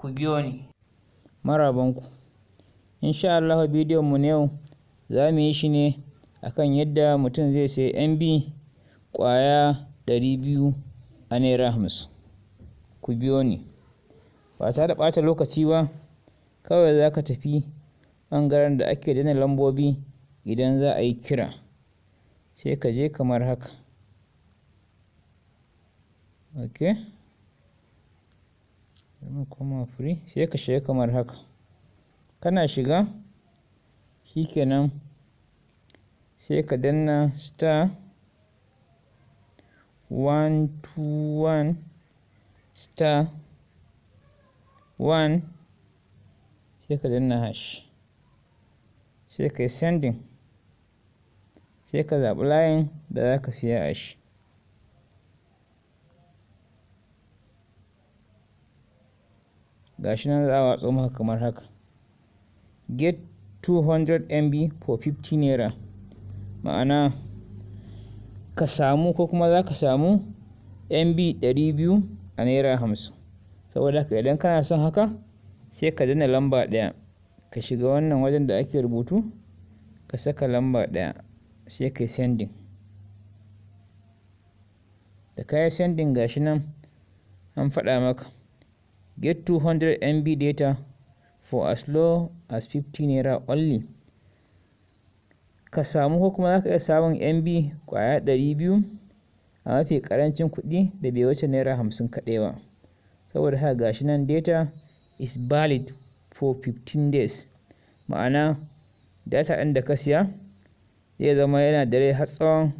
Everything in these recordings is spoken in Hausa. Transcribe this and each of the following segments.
ku biyo ni marabanku insha Allah bidiyon mu na yau za mu yi shi ne kan yadda mutum zai sai MB ƙwaya 200 a naira 50 ku biyo ni ba ta da ɓata lokaci ba kawai za ka tafi ɓangaren da ake dana lambobi idan za a yi kira sai ka je kamar haka okay mu koma free sai ka shiga kamar haka kana shiga shikenan sai ka danna star 121 star 1 sai ka danna hash sai ka yi sending sai ka zaɓi layin da za ka siya a shi shi nan za a watso maka kamar haka get 200 mb for 50 naira ma'ana ka samu ko kuma za ka samu mb 200 a naira 50 saboda haka idan kana son haka sai ka dana lamba daya ka shiga wannan wajen da ake rubutu ka saka lamba daya sai ka yi sending da ka yi sending shi nan an faɗa maka Get 200 MB data for as low as 50 naira only. Ka samu ko kuma zaka iya samun MB kwaya 200 a mafi karancin kuɗi da bai wuce naira 50 kaɗai ba. Saboda haka gashi nan data is valid for 15 days. Ma'ana data ɗin da ka siya zai zama yana da rai har tsawon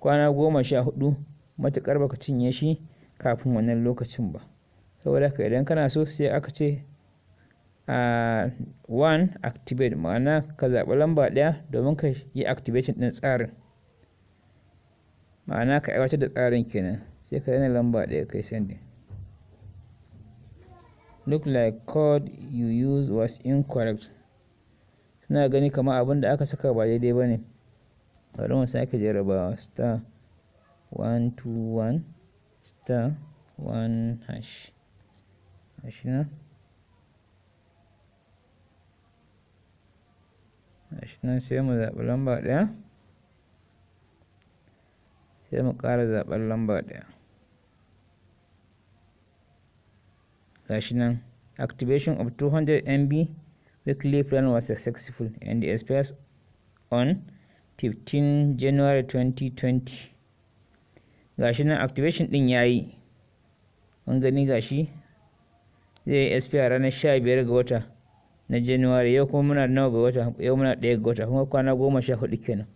kwana goma sha hudu matuƙar baka cinye shi kafin wannan lokacin ba. saboda haka idan kana so sai aka ce a one activate ma'ana ka zaɓi lamba ɗaya domin ka yi activation ɗin tsarin ma'ana ka aiwatar da tsarin kenan sai ka yana lamba ɗaya kai sendin look like code you use was incorrect suna gani kama abin da aka saka ba daidai ba ne bari mu sake jarabawa star 121 star 1 hash shi nan shi nan sai mu zaɓi lamba ɗaya sai mu ƙara zaɓen lamba ɗaya ga nan activation of 200 mb weekly plan was successful and expires on 15 january 2020 gashi nan activation din yayi kun gani gashi zai yi sp a ranar sha biyar ga wata na januwari yau kuma muna nawa ga wata yau muna ɗaya ga wata kuma kwana goma sha hudu kenan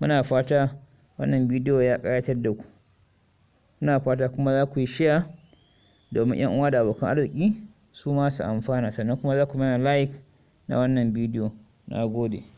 muna fata wannan bidiyo ya ƙayatar da ku muna fata kuma za ku yi share domin yan uwa da abokan arziki su ma su amfana sannan kuma za ku mana like na wannan bidiyo na gode